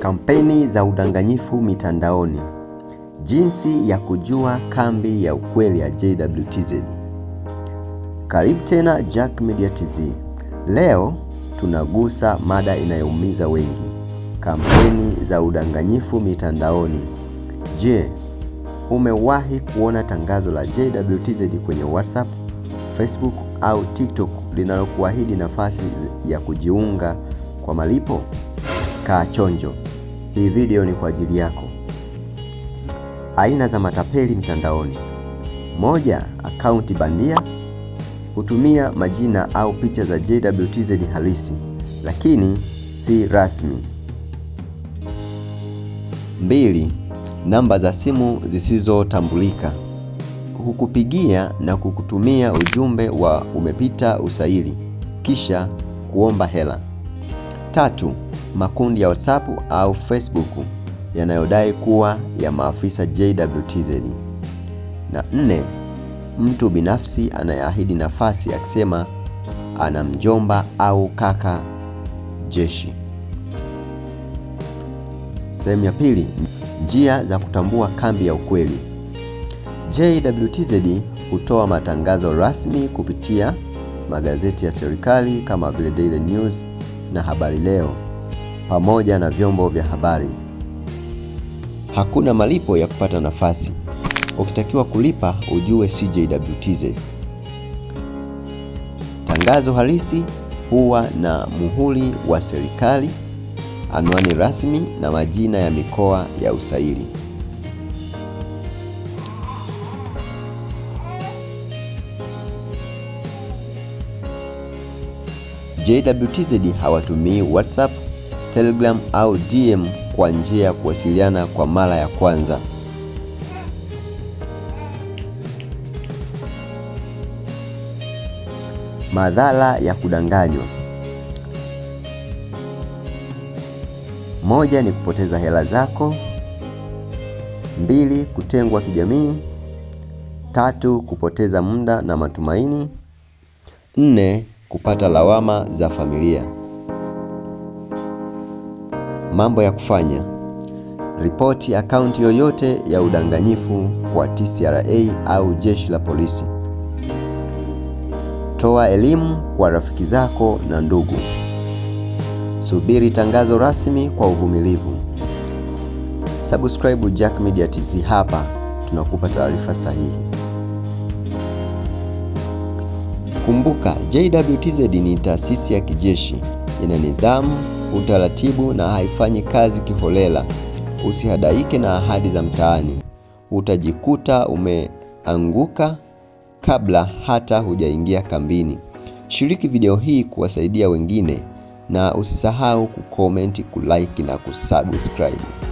Kampeni za udanganyifu mitandaoni. Jinsi ya kujua kambi ya ukweli ya JWTZ. Karibu tena Jack Media TZ. Leo tunagusa mada inayoumiza wengi, kampeni za udanganyifu mitandaoni. Je, umewahi kuona tangazo la JWTZ kwenye WhatsApp, Facebook au TikTok linalokuahidi nafasi ya kujiunga kwa malipo? Kaa chonjo, hii video ni kwa ajili yako. Aina za matapeli mtandaoni. Moja, akaunti bandia hutumia majina au picha za JWTZ halisi lakini si rasmi. Mbili, namba za simu zisizotambulika hukupigia na kukutumia ujumbe wa umepita usaili kisha kuomba hela. Tatu, makundi ya WhatsApp au Facebook yanayodai kuwa ya maafisa JWTZ. Na nne, mtu binafsi anayeahidi nafasi akisema ana mjomba au kaka jeshi. Sehemu ya pili, njia za kutambua kambi ya ukweli. JWTZ hutoa matangazo rasmi kupitia magazeti ya serikali kama vile Daily News na Habari Leo pamoja na vyombo vya habari. Hakuna malipo ya kupata nafasi. Ukitakiwa kulipa ujue CJWTZ. Tangazo halisi huwa na muhuri wa serikali, anwani rasmi na majina ya mikoa ya usaili. JWTZ hawatumii WhatsApp Telegram au DM kwa njia ya kuwasiliana kwa mara ya kwanza. Madhara ya kudanganywa. Moja ni kupoteza hela zako. Mbili, kutengwa kijamii. Tatu, kupoteza muda na matumaini. Nne, kupata lawama za familia. Mambo ya kufanya: ripoti akaunti yoyote ya udanganyifu kwa TCRA au jeshi la polisi. Toa elimu kwa rafiki zako na ndugu. Subiri tangazo rasmi kwa uvumilivu. Subscribe Jack Media TZ, hapa tunakupa taarifa sahihi. Kumbuka JWTZ ni taasisi ya kijeshi, ina nidhamu utaratibu na haifanyi kazi kiholela. Usihadaike na ahadi za mtaani, utajikuta umeanguka kabla hata hujaingia kambini. Shiriki video hii kuwasaidia wengine, na usisahau kucomment, kulike na kusubscribe.